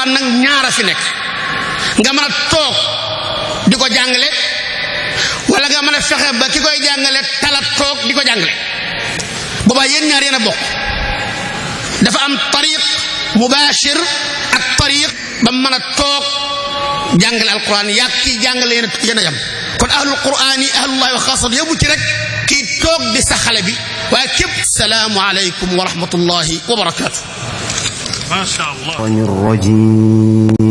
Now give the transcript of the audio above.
alxuraan nag ñaara fi nekk nga mën a toog di ko jàngale wala nga mën a fexe ba ki koy jàngale tala toog di ko jàngale booba yéen ñaar yéen a bokk dafa am tariq mubashir ak tariq ba mën a toog jàngale alquran yàgg kii jàngale yéen a yéen a yam kon ahlul quraan yi ahlullahi wa xaasatu yóbbu ci rek kii toog di sa xale bi waaye képp salaamu aleykum wa rahmatullahi wa barakaatu ما شاء الله الرجيم